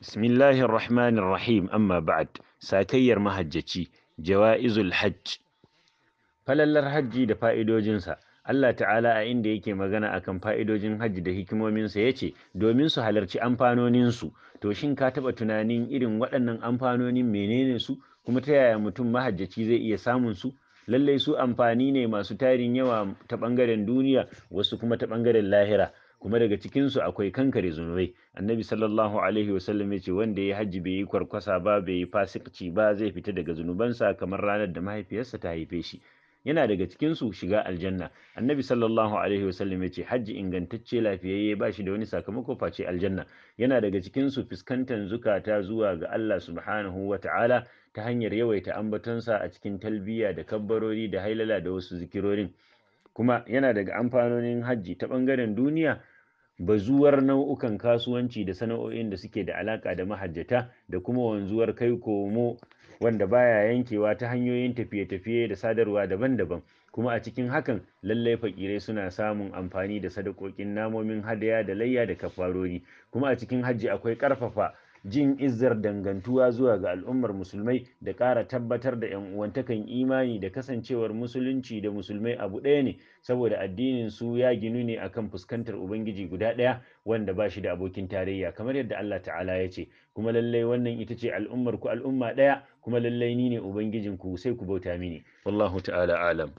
Bismillahir Rahmanir Rahim amma ba'd sakayyar mahajjaci jawa'izul hajj falallar hajji da fa'idojinsa Allah ta'ala a inda yake magana akan fa'idojin hajji da hikimominsa ya ce domin su halarci amfanoninsu to shin ka taɓa tunanin irin waɗannan amfanonin menene su kuma ta yaya mutum mahajjaci zai iya samun su lallai su amfani ne masu tarin yawa ta ɓangaren duniya wasu kuma ta ɓangaren lahira kuma daga cikinsu akwai kankare zunubai annabi sallallahu alaihi wasallam ya ce wanda ya hajji bai yi kwarkwasa ba bai yi fasikci ba zai fita daga zunubansa kamar ranar da mahaifiyarsa ta haife shi yana daga cikinsu shiga aljanna annabi sallallahu alaihi wasallam ya ce hajji ingantacce lafiyayye ba shi da wani sakamako face aljanna yana daga cikinsu fuskantar zukata zuwa ga allah subhanahu wa ta'ala ta hanyar yawaita ambatonsa a cikin talbiya da kabbarori da hailala da wasu zikirorin kuma yana daga amfanonin hajji ta ɓangaren duniya bazuwar nau'ukan kasuwanci da sana'o'in da suke da alaƙa da mahajjata da kuma wanzuwar kai komo wanda baya yankewa ta hanyoyin tafiye-tafiye da sadarwa daban-daban kuma a cikin hakan lallai fakirai suna samun amfani da sadakokin namomin hadaya da layya da kafarori kuma a cikin hajji akwai ƙarfafa jin izzar dangantuwa zuwa ga al'ummar musulmai da ƙara tabbatar da yan uwantakan imani da kasancewar musulunci da musulmai abu ɗaya ne saboda addinin su ya ginu ne akan fuskantar ubangiji guda ɗaya wanda ba shi da abokin tarayya kamar yadda Allah ta'ala ya ce kuma lallai wannan ita ce al'ummar ku al'umma ɗaya kuma lallai ni ne ubangijinku sai ku bauta mini wallahu ta'ala alam